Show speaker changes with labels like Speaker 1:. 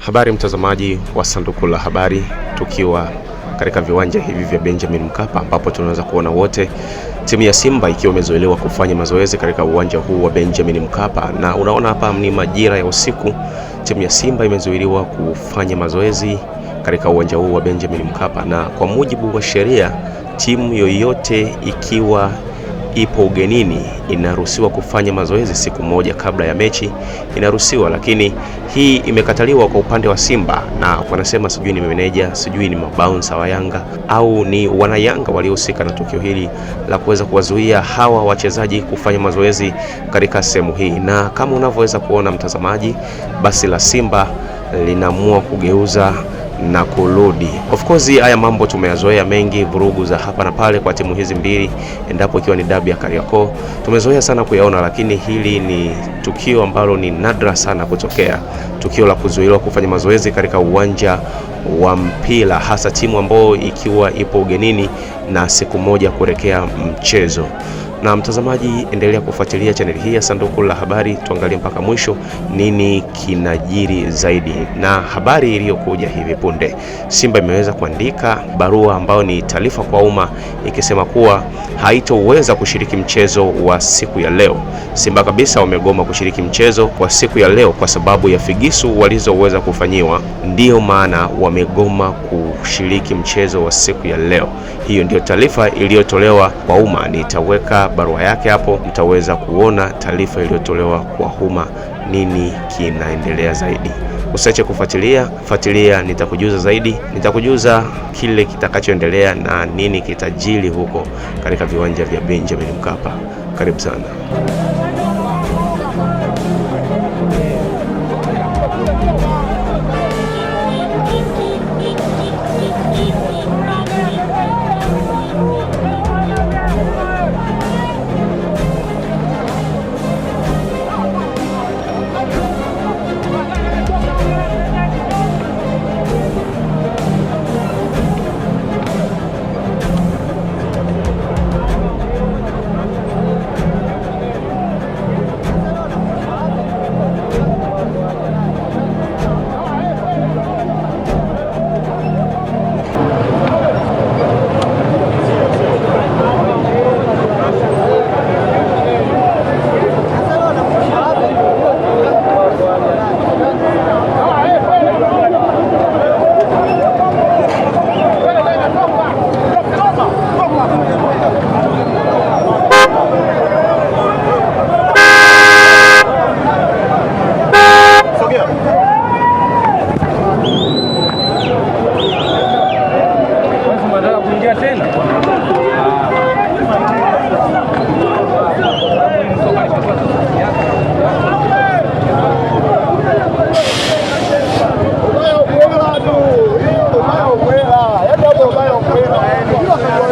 Speaker 1: Habari mtazamaji wa sanduku la habari, tukiwa katika viwanja hivi vya Benjamin Mkapa ambapo tunaweza kuona wote timu ya Simba ikiwa imezoelewa kufanya mazoezi katika uwanja huu wa Benjamin Mkapa, na unaona hapa ni majira ya usiku. Timu ya Simba imezuiliwa kufanya mazoezi katika uwanja huu wa Benjamin Mkapa, na kwa mujibu wa sheria timu yoyote ikiwa ipo ugenini, inaruhusiwa kufanya mazoezi siku moja kabla ya mechi, inaruhusiwa. Lakini hii imekataliwa kwa upande wa Simba, na wanasema sijui ni meneja, sijui ni mabaunsa wa Yanga au ni wanayanga waliohusika na tukio hili la kuweza kuwazuia hawa wachezaji kufanya mazoezi katika sehemu hii, na kama unavyoweza kuona mtazamaji, basi la Simba linaamua kugeuza na kurudi. Of course haya mambo tumeyazoea mengi, vurugu za hapa na pale kwa timu hizi mbili, endapo ikiwa ni dabi ya Kariakoo tumezoea sana kuyaona, lakini hili ni tukio ambalo ni nadra sana kutokea, tukio la kuzuiliwa kufanya mazoezi katika uwanja wa mpira, hasa timu ambayo ikiwa ipo ugenini na siku moja kuelekea mchezo. Na mtazamaji, endelea kufuatilia chaneli hii ya Sanduku la Habari, tuangalie mpaka mwisho nini kinajiri zaidi. Na habari iliyokuja hivi punde, Simba imeweza kuandika barua ambayo ni taarifa kwa umma ikisema kuwa haitoweza kushiriki mchezo wa siku ya leo. Simba kabisa wamegoma kushiriki mchezo wa siku ya leo kwa sababu ya figisu walizoweza kufanyiwa, ndiyo maana wamegoma kushiriki mchezo wa siku ya leo. Hiyo ndio taarifa iliyotolewa kwa umma, nitaweka barua yake hapo mtaweza kuona taarifa iliyotolewa kwa umma, nini kinaendelea zaidi. Usiache kufuatilia fuatilia, nitakujuza zaidi, nitakujuza kile kitakachoendelea na nini kitajiri huko katika viwanja vya Benjamin Mkapa. Karibu sana. Vai ao Cueira! É meu, vai ao Cueira!